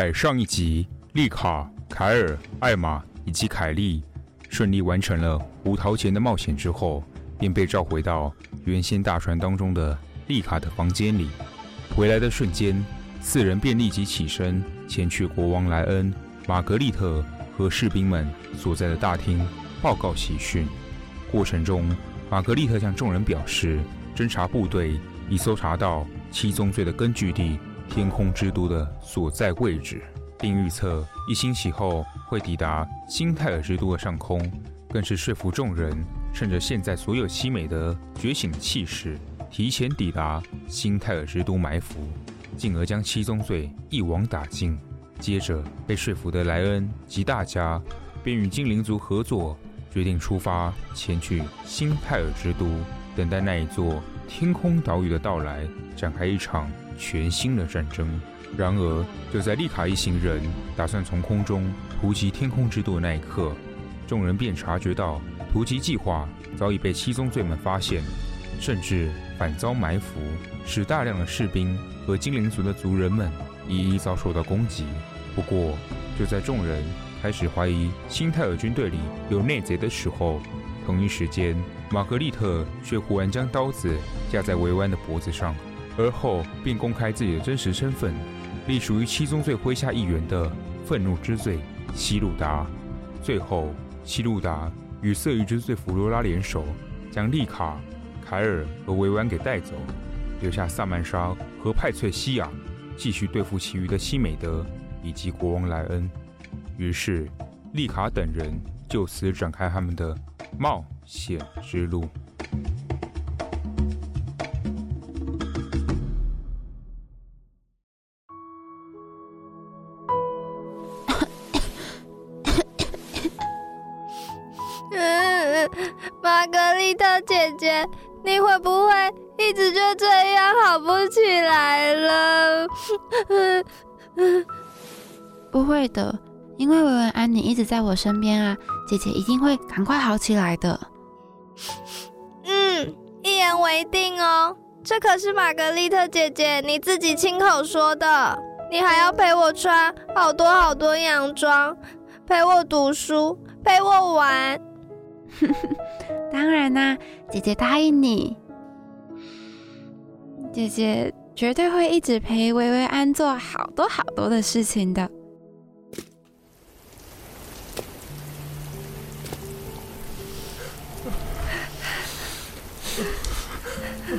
在上一集，麗卡、凱爾、艾瑪以及凱莉順利完成了胡桃鉗的冒險之後，便被召回到原先大船當中的麗卡的房間裡。回來的瞬間，四人便立即起身前去國王萊恩、瑪格麗特和士兵們所在的大廳報告喜訊。過程中，瑪格麗特向眾人表示，偵察部隊已搜查到七宗罪的根據地。天空之都的所在位置，並預測一星期後會抵達新泰爾之都的上空，更是說服眾人趁着現在所有七美德覺醒氣勢，提前抵達新泰爾之都埋伏，進而將七宗罪一網打盡。接着被說服的萊恩及大家便與精靈族合作，決定出發前去新泰爾之都，等待那一座。天空島嶼的到來，展開一場全新的戰爭。然而，就在麗卡一行人打算從空中突擊天空之都的那一刻，眾人便察覺到突擊計劃早已被七宗罪們發現，甚至反遭埋伏，使大量的士兵和精靈族的族人們一一遭受到攻擊。不過，就在眾人開始懷疑新泰爾軍隊裡有內賊的時候，同一時間，瑪格麗特卻忽然將刀子架在維灣的脖子上，而後便公開自己的真實身份，隸屬於七宗罪麾下一員的憤怒之罪希露妲。最後，希露妲與色慾之罪弗羅拉聯手，將麗卡、凱爾和維灣給帶走，留下薩曼莎和派翠西亞繼續對付其餘的七美德以及國王萊恩。於是，麗卡等人就此展開他們的冒險之路。 嗯，瑪格麗特姐姐，你會不會一直就這樣好不起來了？ 不會的，因為維維安你一直在我身邊啊。姐姐一定會趕快好起來的。嗯，一言為定哦。這可是瑪格麗特姐姐你自己親口說的。你還要陪我穿好多好多洋裝，陪我讀書，陪我玩。 當然啦、啊，姐姐答應你。姐姐絕對會一直陪薇薇安做好多好多的事情的。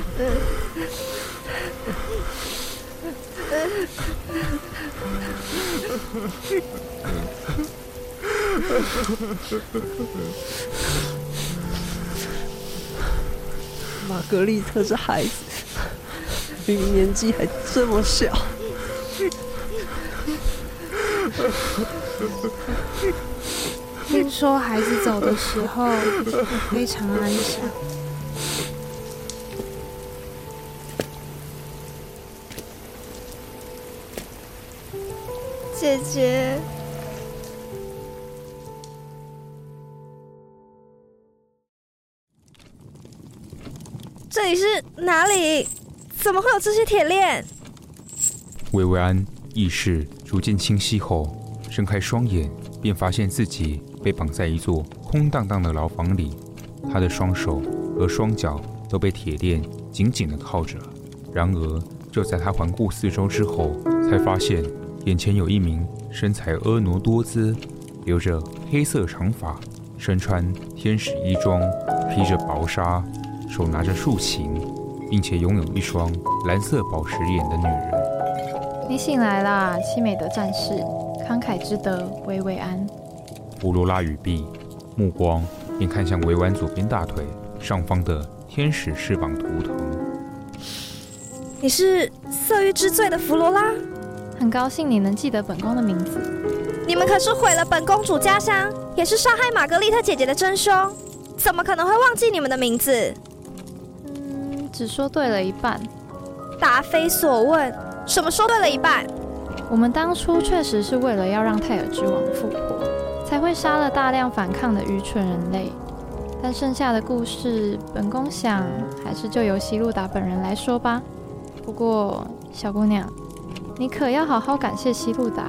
瑪格麗特是孩子，比你年紀還這麼小。 聽說孩子走的時候非常安詳。姐姐，這裡是哪裡？怎麼會有這些鐵鍊？薇薇安意識逐漸清晰後，睜開雙眼，便發現自己被綁在一座空蕩蕩的牢房裡，她的雙手和雙腳都被鐵鍊緊緊的銬着。然而，就在她環顧四周之後，才發現。眼前有一名身材婀娜多姿、留着黑色長髮、身穿天使衣裝、披着薄紗、手拿着豎琴，並且擁有一雙藍色寶石眼的女人。你醒來啦，七美德戰士，慷慨之德維維安。弗羅拉語畢，目光便看向維維安左邊大腿上方的天使翅膀圖騰。你是色欲之罪的弗羅拉。很高興你能記得本宮的名字。你們可是毀了本公主家鄉，也是殺害瑪格麗特姐姐的真凶，怎麼可能會忘記你們的名字？嗯，只說對了一半。答非所問。什麼說對了一半？我們當初確實是為了要讓泰爾之王復活，才會殺了大量反抗的愚蠢人類。但剩下的故事，本宮想還是就由希露妲本人來說吧。不過，小姑娘。你可要好好感謝希露妲。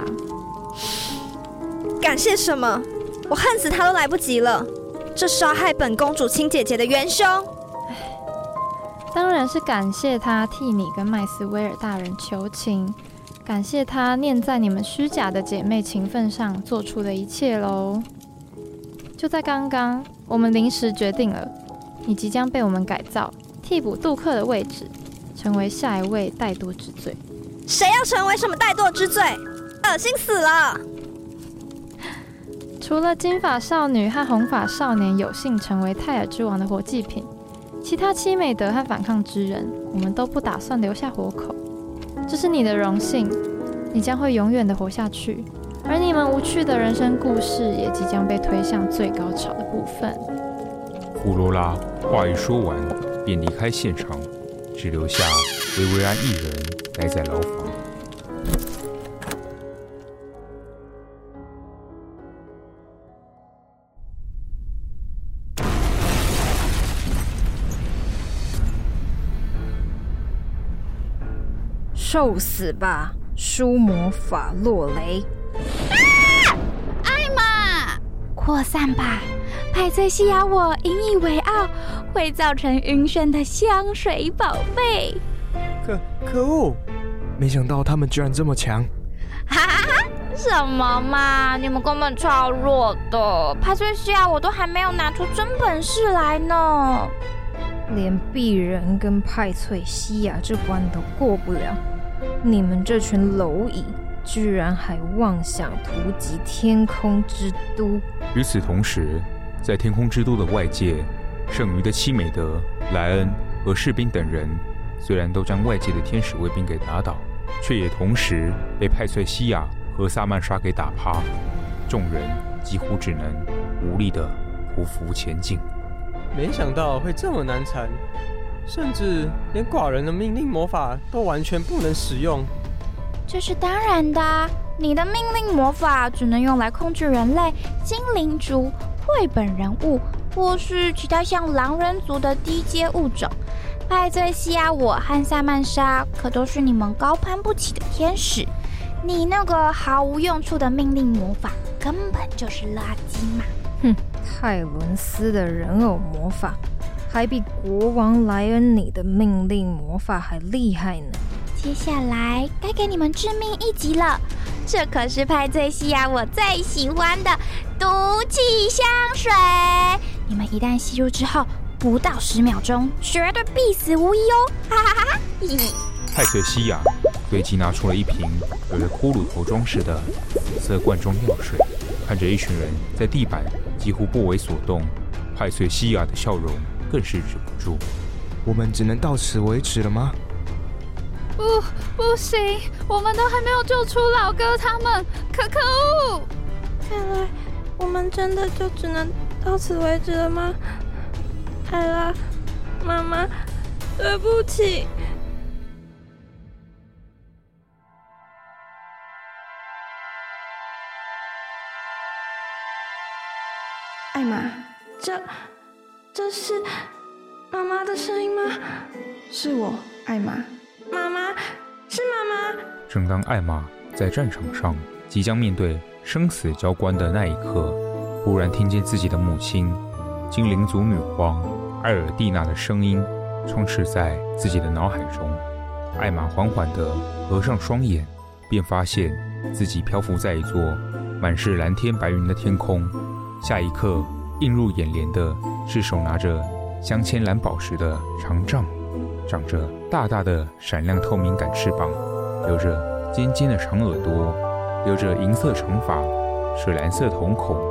感謝什麼？我恨死他都來不及了，這殺害本公主親姐姐的元凶。唉，當然是感謝他替你跟麥斯威爾大人求情，感謝他念在你們虛假的姐妹情分上做出的一切嘍。就在剛剛，我們臨時決定了，你即將被我們改造，替補杜克的位置，成為下一位怠惰之罪。誰要成為什麼怠惰之罪？噁心死了！除了金髮少女和紅髮少年有幸成為泰爾之王的活祭品，其他七美德和反抗之人，我們都不打算留下活口。這是你的榮幸，你將會永遠地活下去，而你們無趣的人生故事也即將被推向最高潮的部分。呼羅拉話一說完，便離開現場。只留下薇薇安一人待在牢房。受死吧，舒魔法落雷！啊、艾瑪，擴散吧，派翠西亞，我引以為傲。會造成暈眩的香水寶貝，可可惡！沒想到他們居然這麼強！哈哈，什麼嘛！你們根本超弱的，派翠西亞我都還沒有拿出真本事來呢，連鄙人跟派翠西亞這關都過不了，你們這群螻蟻居然還妄想突擊天空之都！與此同時，在天空之都的外界。剩餘的七美德、萊恩和士兵等人，雖然都將外界的天使衛兵給打倒，卻也同時被派翠西亞和薩曼莎給打趴。眾人幾乎只能無力地匍匐前進。沒想到會這麼難纏，甚至連寡人的命令魔法都完全不能使用。這是當然的，你的命令魔法只能用來控制人類、精靈族、繪本人物。或是其他像狼人族的低階物種，派翠西亞，我和薩曼莎可都是你們高攀不起的天使。你那個毫無用處的命令魔法根本就是垃圾嘛！哼，泰倫斯的人偶魔法還比國王萊恩你的命令魔法還厲害呢。接下來該給你們致命一擊了，這可是派翠西亞我最喜歡的毒氣香水。你們一旦吸入之後，不到十秒鐘，絕對必死無疑哦！哈哈哈！咦？派翠西亞隨即拿出了一瓶有着骷髏頭裝飾的紫色罐裝藥水，看着一群人在地板幾乎不為所動，派翠西亞的笑容更是止不住。我們只能到此為止了嗎？不，不行！我們都還沒有救出老哥他們，可可惡！看來我們真的就只能……到此為止了嗎，艾拉？媽媽，對不起。艾瑪，這，這是媽媽的聲音嗎？是我，艾瑪。媽媽，是媽媽。正當艾瑪在戰場上即將面對生死交關的那一刻。忽然聽見自己的母親，精靈族女皇艾爾蒂娜的聲音充斥在自己的腦海中。艾瑪緩緩地合上雙眼，便發現自己漂浮在一座滿是藍天白雲的天空。下一刻，映入眼簾的是手拿着鑲嵌藍寶石的長杖，長着大大的閃亮透明感翅膀，留着尖尖的長耳朵，留着銀色長髮，水藍色瞳孔。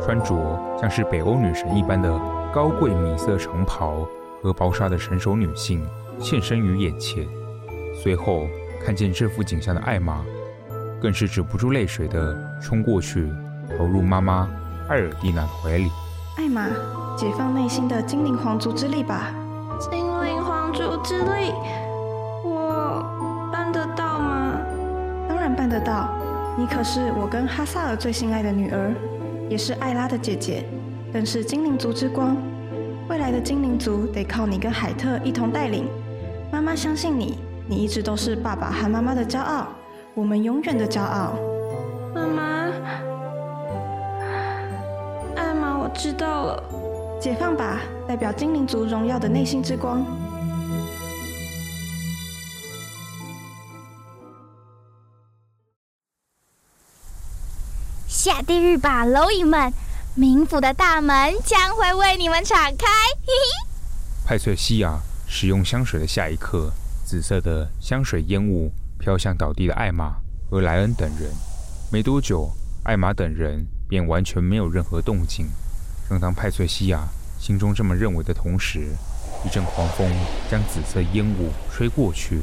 穿着像是北歐女神一般的高貴米色長袍和薄紗的成熟女性現身於眼前，隨後看見這幅景象的艾瑪，更是止不住淚水的衝過去，投入媽媽艾爾蒂娜的懷裡。艾瑪，解放內心的精靈皇族之力吧！精靈皇族之力，我辦得到嗎？當然辦得到，你可是我跟哈薩爾最心愛的女兒。也是艾拉的姐姐，更是精靈族之光。未來的精靈族得靠你跟海特一同帶領。媽媽相信你，你一直都是爸爸和媽媽的驕傲，我們永遠的驕傲。媽媽，艾瑪，我知道了。解放吧，代表精靈族榮耀的內心之光。下地獄吧，螻蟻們！冥府的大門將會為你們敞開。嘿嘿，派翠西亞使用香水的下一刻，紫色的香水煙霧飄向倒地的艾瑪，和萊恩等人。沒多久，艾瑪等人便完全沒有任何動靜。正當派翠西亞心中這麼認為的同時，一陣狂風將紫色煙霧吹過去。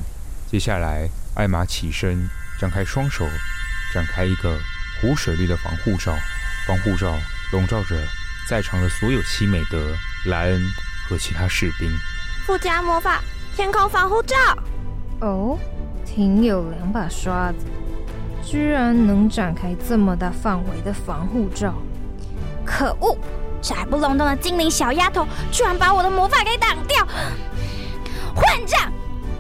接下來，艾瑪起身，張開雙手，展開一個，無水綠的防護罩，防護罩籠罩，罩着在場的所有七美德、萊恩和其他士兵。附加魔法，天空防護罩。哦，oh, 挺有兩把刷子，居然能展開這麼大範圍的防護罩。可惡，矮不隆咚的精靈小丫頭居然把我的魔法給擋掉。 混賬！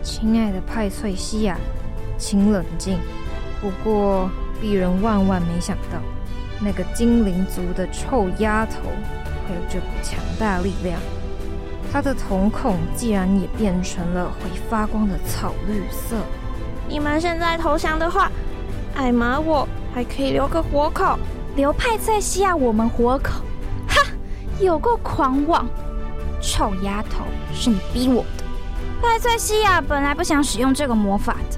親愛的派翠西亞，啊，請冷靜。不過。鄙人萬萬沒想到，那個精靈族的臭丫頭會有這股強大力量。她的瞳孔竟然也變成了會發光的草綠色。你們現在投降的話，艾瑪我還可以留個活口，留派翠西亞我們活口。哈，有夠狂妄！臭丫頭是你逼我的。派翠西亞本來不想使用這個魔法的。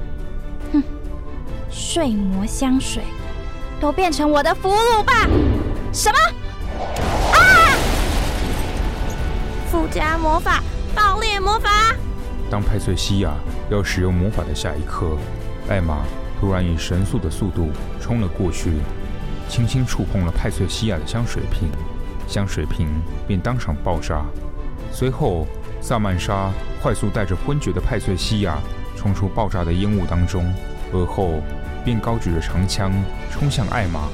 睡魔香水，都變成我的俘虜吧！什麼？啊！附加魔法，爆裂魔法！當派翠西亞要使用魔法的下一刻，艾瑪突然以神速的速度衝了過去，輕輕觸碰了派翠西亞的香水瓶，香水瓶便當場爆炸。隨後，薩曼莎快速帶着昏厥的派翠西亞衝出爆炸的煙霧當中，而後，便高舉着長槍衝向艾瑪，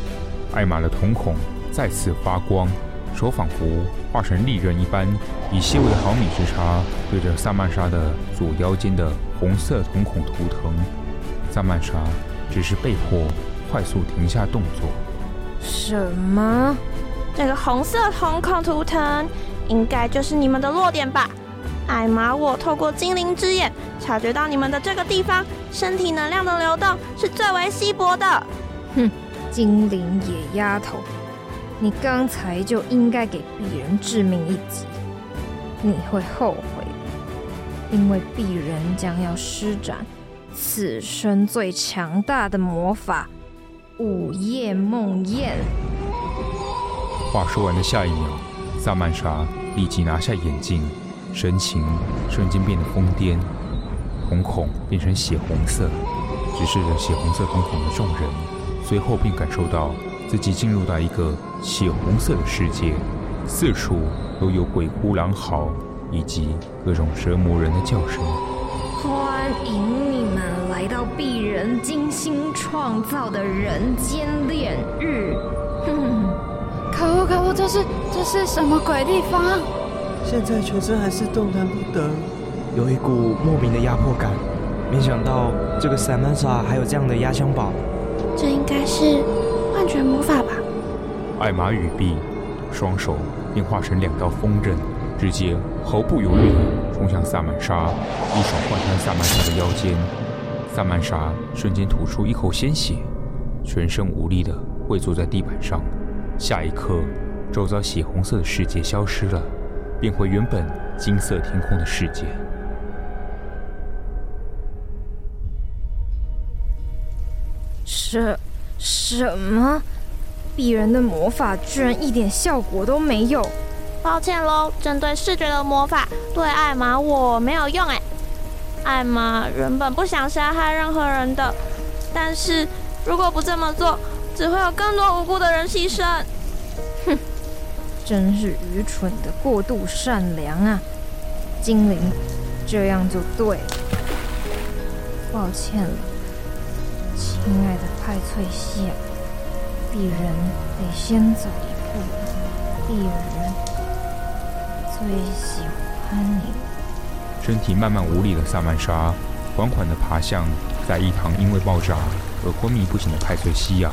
艾瑪的瞳孔再次發光，手仿佛化成利刃一般，以細微的毫米之差對着薩曼莎的左腰間的紅色瞳孔圖騰。薩曼莎只是被迫快速停下動作。什麼？這、那個紅色瞳孔圖騰應該就是你們的弱點吧？艾瑪，我透過精靈之眼察覺到你們的這個地方。身體能量的流動是最為稀薄的。哼，精靈野丫頭，你剛才就應該給鄙人致命一擊，你會後悔，因為鄙人將要施展此生最強大的魔法——午夜夢魘。話說完的下一秒，薩曼莎立即拿下眼鏡，神情瞬間變得瘋癲。瞳孔變成血紅色，直視着血紅色瞳孔的眾人，隨後便感受到自己進入到一個血紅色的世界，四處都有鬼哭狼嚎以及各種折磨人的叫聲。歡迎你們來到鄙人精心創造的人間煉獄。哼、嗯！可惡可惡，這是這是什麼鬼地方？現在全身還是動彈不得。有一股莫名的壓迫感，沒想到這個薩曼莎還有這樣的壓箱寶，這應該是幻覺魔法吧。艾瑪語畢，雙手便化成兩道風刃，直接毫不猶豫地衝向薩曼莎，一手貫穿薩曼莎的腰間，薩曼莎瞬間吐出一口鮮血，全身無力地跪坐在地板上。下一刻，周遭血紅色的世界消失了，變回原本金色天空的世界。這什麼？鄙人的魔法居然一點效果都沒有！抱歉嘍，針對視覺的魔法，對艾瑪我沒有用哎。艾瑪原本不想殺害任何人的，但是如果不這麼做，只會有更多無辜的人犧牲。哼，真是愚蠢的過度善良啊！精靈，這樣就對了。抱歉了。親愛的派翠西亞，鄙人得先走一步，鄙人最喜歡你。身體慢慢無力的薩曼莎，緩緩地爬向在一旁因為爆炸而昏迷不醒的派翠西亞。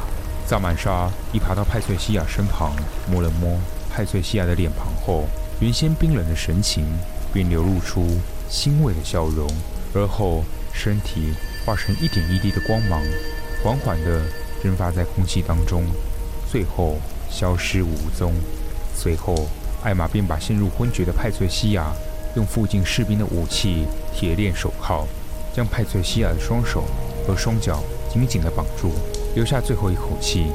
薩曼莎一爬到派翠西亞身旁，摸了摸派翠西亞的臉龐後，原先冰冷的神情便流露出欣慰的笑容，而後身體。化成一點一滴的光芒，緩緩地蒸發在空氣當中，最後消失無蹤。隨後，艾瑪便把陷入昏厥的派翠西亞，用附近士兵的武器鐵鏈、手銬，將派翠西亞的雙手和雙腳緊緊地綁住，留下最後一口氣。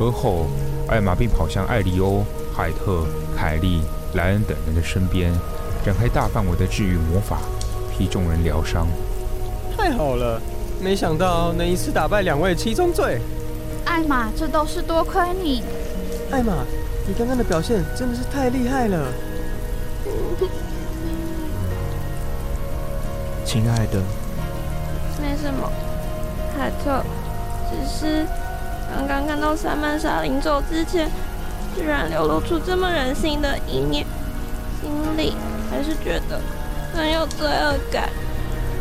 而後，艾瑪便跑向艾利歐、海特、凱莉、萊恩等人的身邊，展開大範圍的治愈魔法，替眾人療傷。太好了，沒想到能一次打敗兩位七宗罪。艾瑪，這都是多虧你。艾瑪，你剛剛的表現真的是太厲害了。親愛的，沒什麼，海特，只是剛剛看到薩曼莎臨走之前，居然流露出這麼人性的一面，心裡還是覺得很有罪惡感。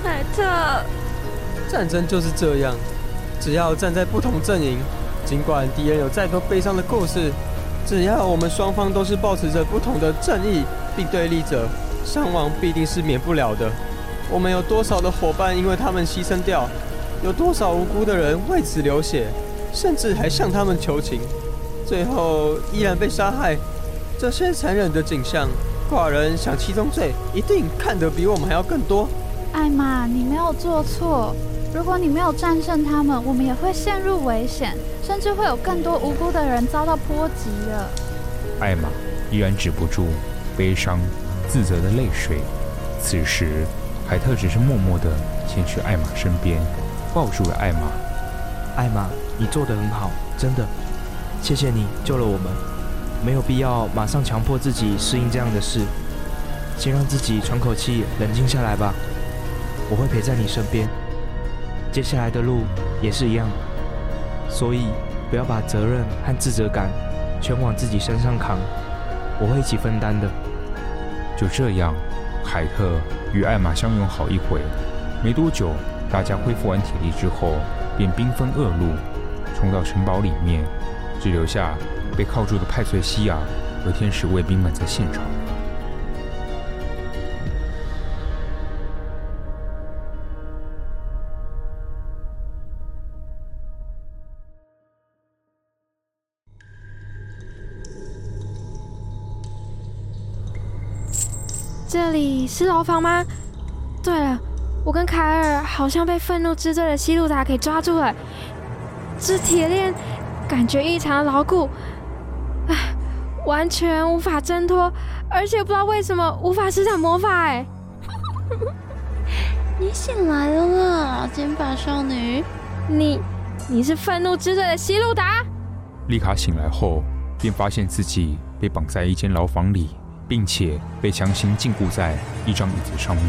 海特。戰爭就是這樣，只要站在不同陣營，儘管敵人有再多悲傷的故事，只要我們雙方都是抱持着不同的正義並對立着，傷亡必定是免不了的。我們有多少的夥伴因為他們犧牲掉，有多少無辜的人為此流血，甚至還向他們求情，最後依然被殺害。這些殘忍的景象，寡人想七宗罪一定看得比我們還要更多。艾瑪，你沒有做錯。如果你沒有戰勝他們，我們也會陷入危險，甚至會有更多無辜的人遭到波及了。艾瑪依然止不住悲傷、自責的淚水。此時，海特只是默默地前去艾瑪身邊，抱住了艾瑪。艾瑪，你做得很好，真的，謝謝你救了我們。沒有必要馬上強迫自己適應這樣的事，先讓自己喘口氣，冷靜下來吧。我會陪在你身邊。接下來的路也是一樣，所以不要把責任和自責感全往自己身上扛，我會一起分擔的。就這樣，凱特與艾瑪相擁好一會，沒多久，大家恢復完體力之後，便兵分二路，衝到城堡裡面，只留下被銬住的派翠西亞和天使衛兵們在現場。是牢房嗎？對了，我跟凱爾好像被憤怒之罪的希露妲給抓住了，這鐵鏈感覺異常牢固，唉，完全無法掙脫，而且不知道為什麼無法施展魔法。哎，你醒來了，金髮少女，你你是憤怒之罪的希露妲？麗卡醒來後，便發現自己被綁在一間牢房裡。並且被強行禁錮在一張椅子上面，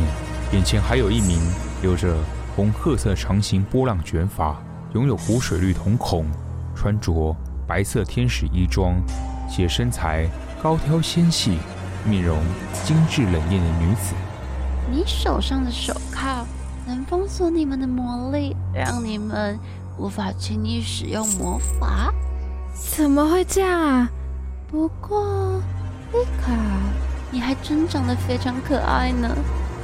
眼前還有一名留着紅褐色長形波浪捲髮、擁有湖水綠瞳孔、穿着白色天使衣裝，且身材高挑纖細、面容精緻冷艷的女子。你手上的手銬能封鎖你們的魔力，讓你們無法輕易使用魔法。怎麼會這樣啊？不過。麗卡，你還真長得非常可愛呢。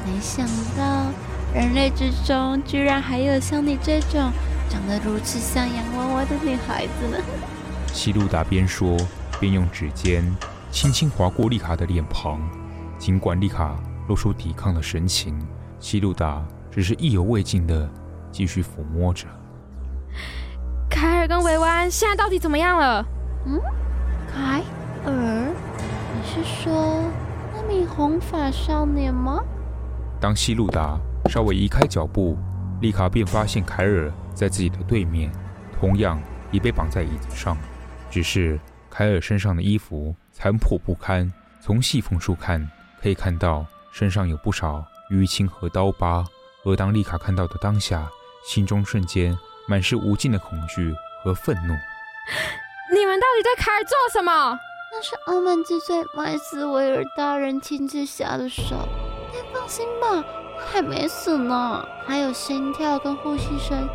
沒想到人類之中居然還有像你這種長得如此像洋娃娃的女孩子呢。希露妲邊說邊用指尖輕輕劃過麗卡的臉龐，儘管麗卡露出抵抗的神情，希露妲只是意猶未盡的繼續撫摸着。凱爾跟維安現在到底怎麼樣了？嗯，凱爾。是說那名紅髮少年嗎？當希露妲稍微移開腳步，麗卡便發現凱爾在自己的對面，同樣已被綁在椅子上。只是凱爾身上的衣服殘破不堪，從細縫處看可以看到身上有不少淤青和刀疤。而當麗卡看到的當下，心中瞬間滿是無盡的恐懼和憤怒。你們到底對凱爾做什麼？那是傲慢之罪，麥斯維爾大人親自下的手。但放心吧，他還沒死呢，還有心跳跟呼吸聲。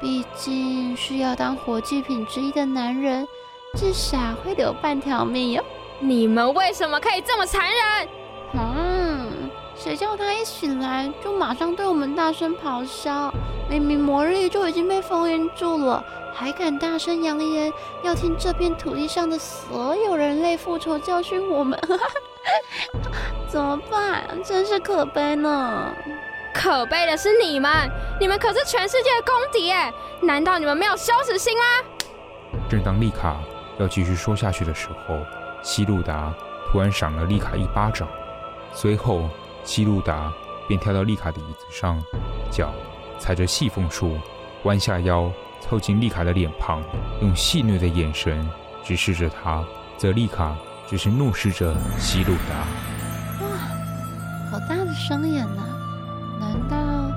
畢竟是要當活祭品之一的男人，至少會留半條命喲、哦。你們為什麼可以這麼殘忍？嗯，誰叫他一醒來就馬上對我們大聲咆哮？明明魔力就已經被封印住了。還敢大聲揚言要聽這片土地上的所有人類復仇、教訓我們？ 怎麼辦？真是可悲呢！可悲的是你們，你們可是全世界的公敵！哎，難道你們沒有羞恥心嗎？正當麗卡要繼續說下去的時候，希露妲突然賞了麗卡一巴掌，隨後希露妲便跳到麗卡的椅子上，腳踩着細縫處，彎下腰。湊近麗卡的臉龐，用戲謔的眼神直視着她，則麗卡只是怒視着希露妲。哇，好大的雙眼吶、啊！難道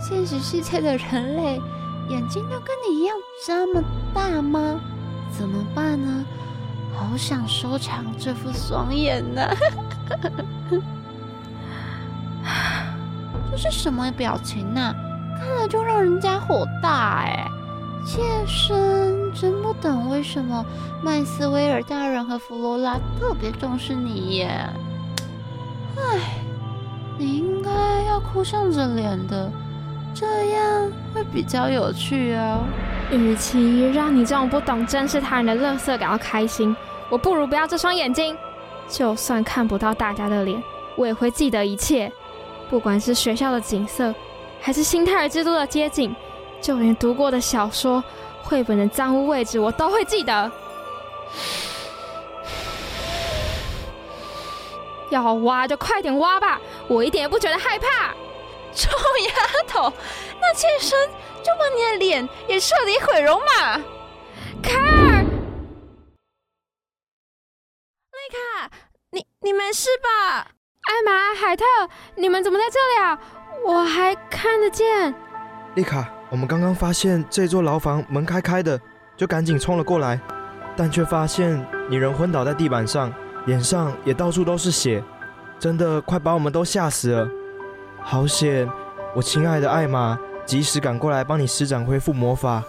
現實世界的人類眼睛都跟你一樣這麼大嗎？怎麼辦呢？好想收藏這副雙眼呢、啊！ 這是什麼表情吶、啊？看了就讓人家火大哎、欸！妾身真不懂為什麼麥斯威爾大人和弗羅拉特別重視你耶。唉，你應該要哭喪着臉的，這樣會比較有趣哦、啊。與其讓你這種不懂珍視他人的垃圾感到開心，我不如不要這雙眼睛。就算看不到大家的臉，我也會記得一切，不管是學校的景色，還是新泰爾之都的街景。就連讀過的小說、繪本的髒污位置，我都會記得。要挖就快點挖吧，我一點也不覺得害怕。臭丫頭，那妾身就把你的臉也徹底毀容嘛！凱爾，麗卡，你，你沒事吧？艾瑪、海特，你們怎麼在這裡啊？我還看得見。麗卡。我們剛剛發現這座牢房門開開的，就趕緊衝了過來，但卻發現你人昏倒在地板上，臉上也到處都是血，真的快把我們都嚇死了！好險，我親愛的艾瑪及時趕過來幫你施展恢復魔法，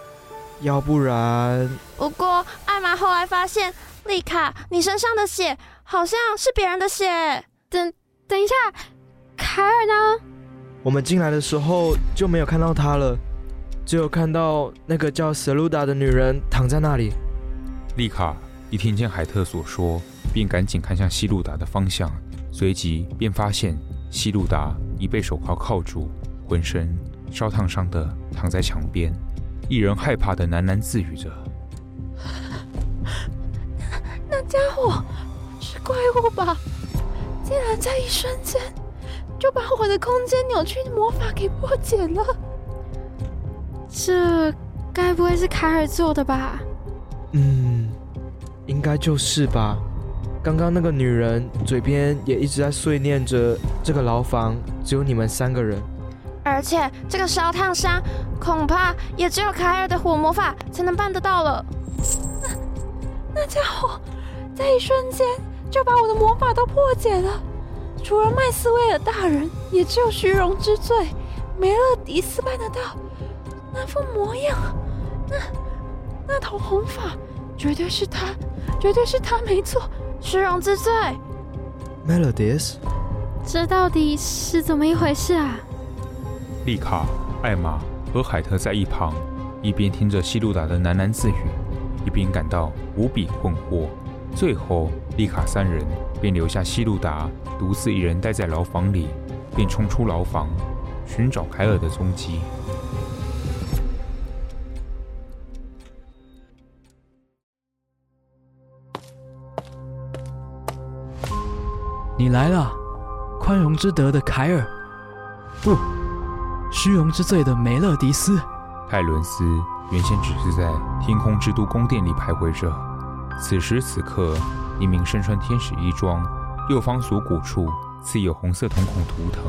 要不然……不過艾瑪後來發現，麗卡，你身上的血好像是別人的血。等等一下，凱爾呢？我們進來的時候就沒有看到他了。只有看到那個叫希露妲的女人躺在那裡。麗卡一聽見海特所說，便趕緊看向希露妲的方向，隨即便發現希露妲已被手銬銬住，渾身燒燙傷的躺在牆邊，一人害怕的喃喃自語着：“那,那家伙是怪物吧？竟然在一瞬間就把我的空間扭曲的魔法給破解了。”這該不會是凱爾做的吧？嗯，應該就是吧。剛剛那個女人嘴邊也一直在碎念着：“這個牢房只有你們三個人。”而且這個燒燙傷，恐怕也只有凱爾的火魔法才能辦得到了。那那家伙在一瞬間就把我的魔法都破解了。除了麥斯威爾大人，也只有虛榮之罪梅勒迪斯辦得到。那副模樣，那那頭紅髮，絕對是他，絕對是他沒錯。虛榮之罪，Melodies，這到底是怎麼一回事啊？麗卡、艾瑪和海特在一旁一邊聽着希露妲的喃喃自語，一邊感到無比困惑。最後，麗卡三人便留下希露妲獨自一人待在牢房裡，便衝出牢房尋找凱爾的蹤跡。你來了，寬容之德的凱爾，不、哦，虛榮之罪的梅勒迪斯。泰倫斯原先只是在天空之都宮殿裡徘徊着，此時此刻，一名身穿天使衣裝，右方鎖骨處刺有紅色瞳孔圖騰，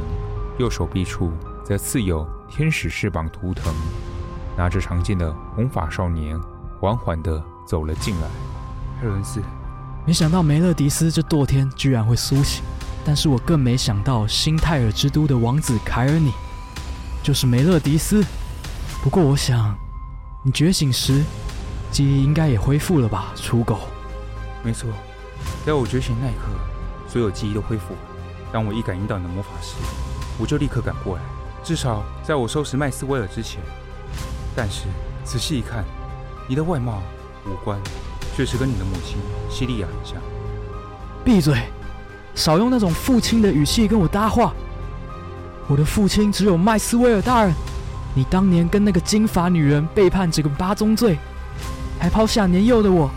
右手臂處則刺有天使翅膀圖騰，拿着長劍的紅髮少年緩緩的走了進來。泰倫斯。沒想到梅勒迪斯這墮天居然會甦醒，但是我更沒想到新泰爾之都的王子凱爾尼，就是梅勒迪斯。不過我想，你覺醒時，記憶應該也恢復了吧，芻狗。沒錯，在我覺醒那一刻，所有記憶都恢復了。當我一感應到你的魔法時，我就立刻趕過來。至少在我收拾麥斯威爾之前。但是仔細一看，你的外貌無關、五官，確實跟你的母親西利亞很像。閉嘴，少用那種父親的語氣跟我搭話。我的父親只有麥斯威爾大人。你當年跟那個金髮女人背叛這個八宗罪，還拋下年幼的我。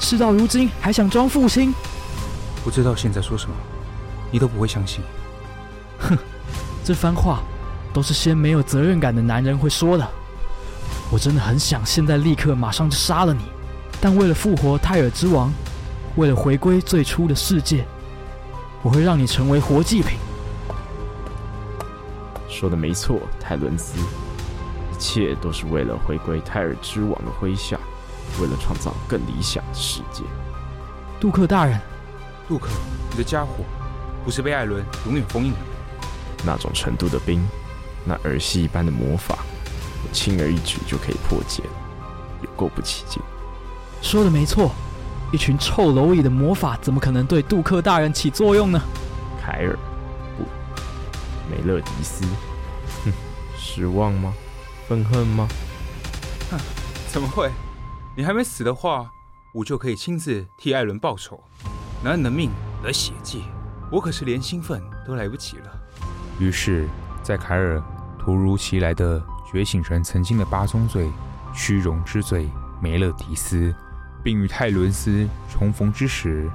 事到如今還想裝父親？不知道現在說什麼，你都不會相信。哼，這番話都是些沒有責任感的男人會說的。我真的很想現在立刻馬上就殺了你。但為了復活泰爾之王，為了回歸最初的世界，我會讓你成為活祭品。說的沒錯，泰倫斯，一切都是為了回歸泰爾之王的麾下，為了創造更理想的世界。杜克大人，杜克，你的家伙不是被艾倫永遠封印了嗎？那種程度的冰，那兒戲一般的魔法，我輕而易舉就可以破解了，有夠不起勁。說的沒錯，一群臭螻蟻的魔法怎麼可能對杜克大人起作用呢？凱爾，不，梅勒迪斯，哼，失望嗎？憤恨嗎？哼，怎麼會？你還沒死的話，我就可以親自替艾倫報仇。拿你的命來血祭，我可是連興奮都來不及了。於是，在凱爾突如其來的覺醒成曾經的八宗罪——虛榮之罪梅勒迪斯。並與泰倫斯重逢之時，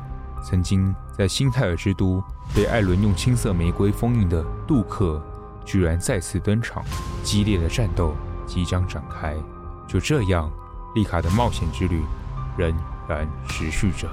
曾經在新泰爾之都被艾倫用青色玫瑰封印的杜克，居然再次登場，激烈的戰鬥即將展開。就這樣，麗卡的冒險之旅仍然持續着。